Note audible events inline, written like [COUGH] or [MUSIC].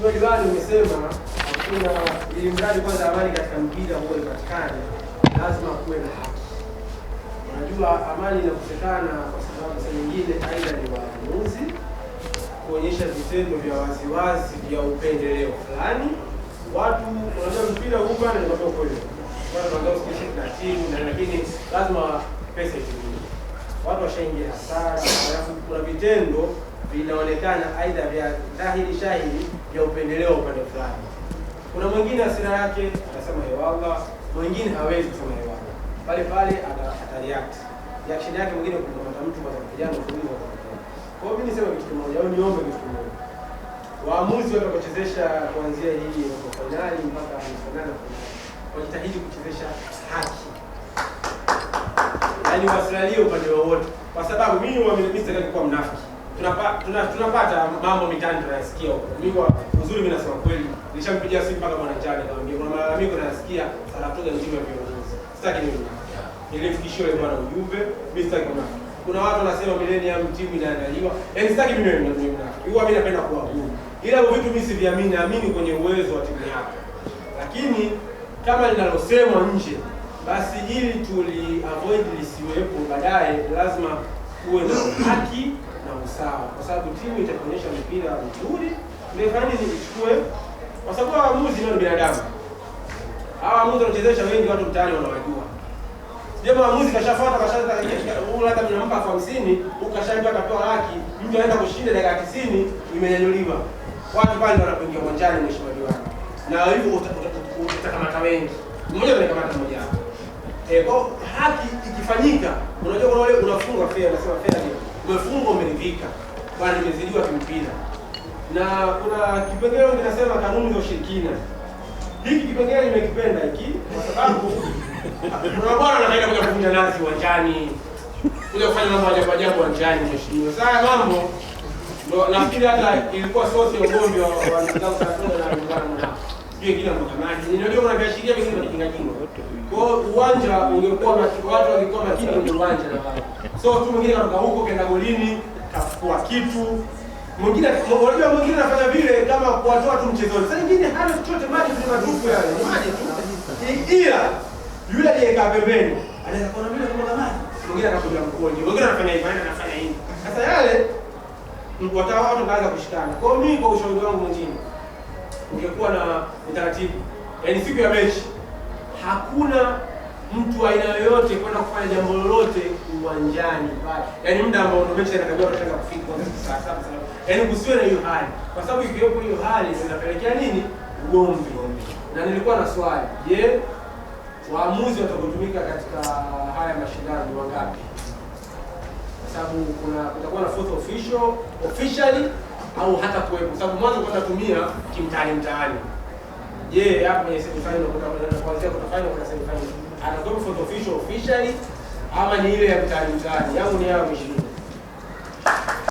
Mheshimiwa Diwani, umesema hakuna ili mradi kwanza amani katika mpira huo ipatikane, lazima kuwe na haki. Unajua amani inakosekana kwa sababu saa nyingine aidha ni waamuzi kuonyesha vitendo vya waziwazi vya upendeleo fulani. Watu wanajua mpira huu bwana, ni kwa kweli bwana, tunataka kusikia timu lakini lazima pesa itumike watu washaingia hasara, alafu kuna vitendo vinaonekana aidha vya dhahiri shahiri vya upendeleo upande fulani. Kuna mwingine hasira yake atasema hewalla, mwingine hawezi kusema hewalla, pale pale atareact reaction yake mwingine kumkamata mtu kwa kupigana kuuliza. Kwa hiyo mimi nisema kitu kimoja au niombe kitu kimoja, waamuzi watakaochezesha kuanzia hii fainali mpaka fainali wajitahidi kuchezesha haki aliwasalia upande wowote, kwa sababu mimi wa mimi sitaki kuwa mnafiki. Tunapa, tuna, tunapata mambo mitaani tunayasikia huko. Mimi kwa uzuri mimi nasema kweli, nilishampigia simu mpaka Bwana Chale nikamwambia kuna malalamiko nayasikia Saratoga nzima ya viongozi. Sitaki mimi. Nilifikishia yule bwana ujumbe, mimi sitaki kuna. Kuna watu wanasema millennium timu inaandaliwa. Yaani sitaki mimi mimi mnafiki. Huwa mimi napenda kuwa huru. Ila hivyo vitu mimi siviamini, naamini kwenye uwezo wa timu yako. Lakini kama linalosemwa nje basi ili tuli avoid lisiwepo. Baadaye lazima kuwe na haki na usawa, kwa sababu timu itakuonyesha mpira mzuri ndefani ichukue kwa sababu waamuzi ni binadamu. Hawa waamuzi wanachezesha wengi, watu mtaani wanawajua. Je, waamuzi kashafuata kashalata, mnampa elfu hamsini ukashaambiwa kapewa laki, mtu anaenda kushinda dakika tisini imenyanyuliwa, watu pale wanapoingia uwanjani, mheshimiwa diwani, na hivyo utakamata wengi, mmoja anakamata mmoja hapo Eh, kwa haki ikifanyika, unajua kuna wale unafungwa fedha, anasema fedha ni umefungwa, umeridhika bwana, nimezidiwa kimpira. Na kuna kipengele kinasema kanuni za ushirikina. Hiki kipengele nimekipenda hiki kwa sababu [LAUGHS] kuna bwana anataka kuja kuvunja nazi uwanjani, kuja kufanya mambo ajabu ajabu uwanjani, mheshimiwa. Sasa mambo ndio nafikiri hata ilikuwa sosi ya ugomvi wa wanadamu na Uganda. Sijui kila mtu anaji. Unajua kuna viashiria uwanja ungekuwa na watu walikuwa makini kwenye uwanja na wao. So tu mwingine anaruka huko kaenda golini kafukua kitu. Mwingine unajua mwingine anafanya vile kama kuwatoa tu mchezoni. Sasa nyingine hana chochote maji ni matupu yale. Maji tu. Ila yule aliyekaa pembeni anaweza kuona vile kama maji. Mwingine anakuja mkojo. Mwingine anafanya hivi, mwingine anafanya hivi. Sasa yale watawa watu kaanza kushikana. Kwa hiyo mimi kwa ushauri wangu mwingine ungekuwa na utaratibu. Yaani siku ya mechi hakuna mtu aina yoyote kwenda kufanya jambo lolote uwanjani pale, yaani muda ambao ndio mechi inatakiwa kutaka kufika kwa saa saba, yaani kusiwe na hiyo hali, kwa sababu ikiwepo hiyo hali inapelekea nini? Ugomvi. Na nilikuwa na swali, je, waamuzi watakotumika katika haya mashindano ni wangapi? Kwa sababu kuna kutakuwa na fourth official officially au hata kuwepo, kwa sababu mwanzo kwa natumia kimtaani mtaani. Je, hapo kwenye semi final kutafanya final kuna semi final anasoma photo official officially ama ni ile ya mtaani mtaani yangu ni yao mheshimiwa